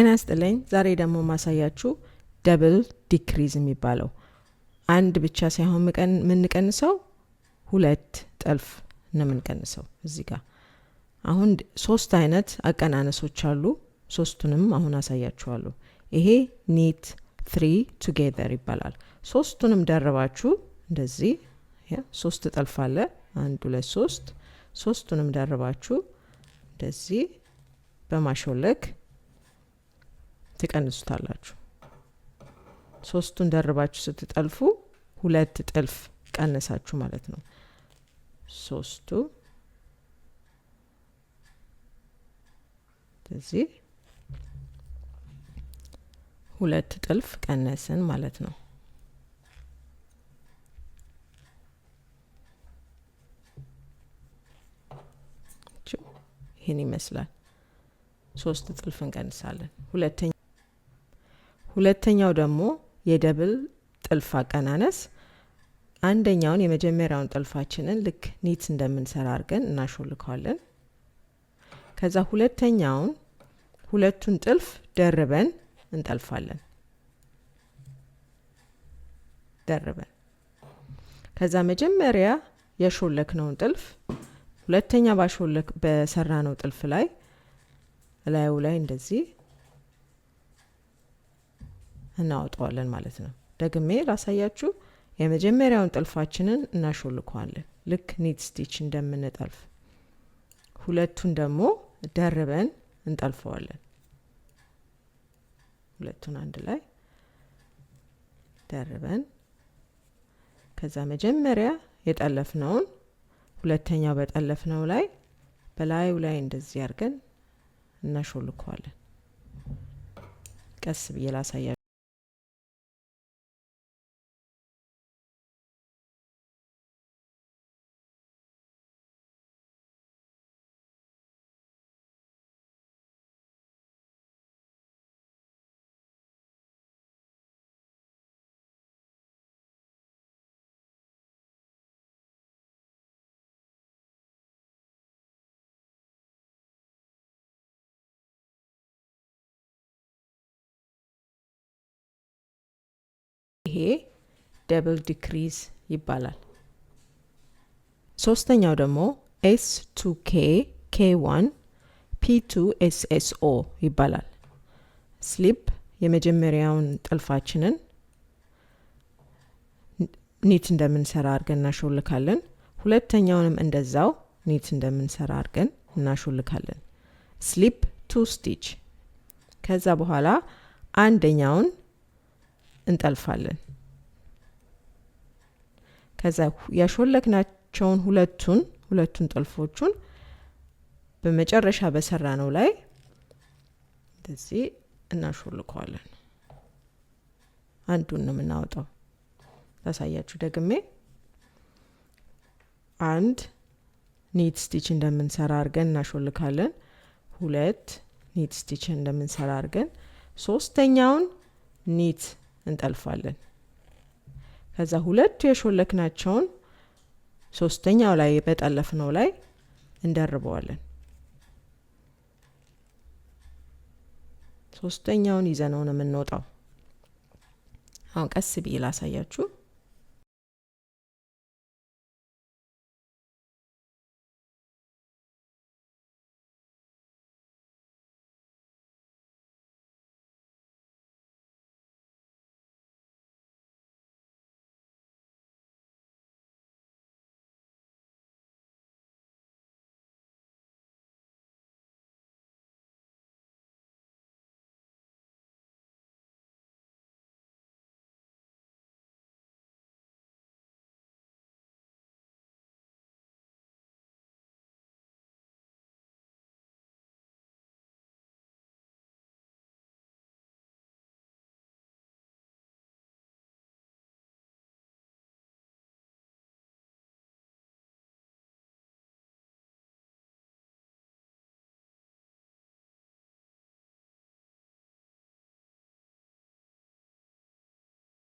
ጤና ይስጥልኝ። ዛሬ ደግሞ ማሳያችሁ ደብል ዲክሪዝ የሚባለው አንድ ብቻ ሳይሆን የምንቀንሰው ሁለት ጠልፍ ነው የምንቀንሰው። እዚህ ጋር አሁን ሶስት አይነት አቀናነሶች አሉ። ሶስቱንም አሁን አሳያችኋለሁ። ይሄ ኒት ትሪ ቱጌዘር ይባላል። ሶስቱንም ደርባችሁ እንደዚህ ሶስት ጠልፍ አለ። አንድ ሁለት ሶስት። ሶስቱንም ደርባችሁ እንደዚህ በማሾለክ ትቀንሱታላችሁ። ሶስቱን ደርባችሁ ስትጠልፉ ሁለት ጥልፍ ቀነሳችሁ ማለት ነው። ሶስቱ እዚህ ሁለት ጥልፍ ቀነስን ማለት ነው። ይህን ይመስላል። ሶስት ጥልፍ እንቀንሳለን። ሁለተኛ ሁለተኛው ደግሞ የደብል ጥልፍ አቀናነስ አንደኛውን የመጀመሪያውን ጥልፋችንን ልክ ኒት እንደምንሰራ አድርገን እናሾልከዋለን። ከዛ ሁለተኛውን ሁለቱን ጥልፍ ደርበን እንጠልፋለን። ደርበን ከዛ መጀመሪያ የሾለክነውን ጥልፍ ሁለተኛ ባሾለክ በሰራነው ጥልፍ ላይ እላዩ ላይ እንደዚህ እናወጣዋለን ማለት ነው። ደግሜ ላሳያችሁ። የመጀመሪያውን ጥልፋችንን እናሾልከዋለን ልክ ኒት ስቲች እንደምንጠልፍ፣ ሁለቱን ደግሞ ደርበን እንጠልፈዋለን። ሁለቱን አንድ ላይ ደርበን ከዛ መጀመሪያ የጠለፍነውን ሁለተኛው በጠለፍነው ላይ በላዩ ላይ እንደዚህ አድርገን እናሾልከዋለን። ቀስ ብዬ ላሳያ ይሄ ደብል ዲክሪዝ ይባላል። ሶስተኛው ደግሞ ኤስ ቱ ኬ ኬ ዋን ፒ ቱ ኤስ ኤስ ኦ ይባላል። ስሊፕ የመጀመሪያውን ጥልፋችንን ኒት እንደምንሰራ አድርገን እናሾልካለን። ሁለተኛውንም እንደዛው ኒት እንደምንሰራ አድርገን እናሾልካለን። ስሊፕ ቱ ስቲች ከዛ በኋላ አንደኛውን እንጠልፋለን። ከዛ ያሾለክናቸውን ሁለቱን ሁለቱን ጥልፎቹን በመጨረሻ በሰራ ነው ላይ እንደዚህ እናሾልከዋለን። አንዱን ነው የምናወጣው። ላሳያችሁ ደግሜ አንድ ኒት ስቲች እንደምንሰራ አድርገን እናሾልካለን። ሁለት ኒት ስቲች እንደምንሰራ አድርገን ሶስተኛውን ኒት እንጠልፋለን። ከዛ ሁለት የሾለክናቸውን ሶስተኛው ላይ በጠለፍነው ላይ እንደርበዋለን። ሶስተኛውን ይዘነው ነው የምንወጣው። አሁን ቀስ ብዬ ላሳያችሁ።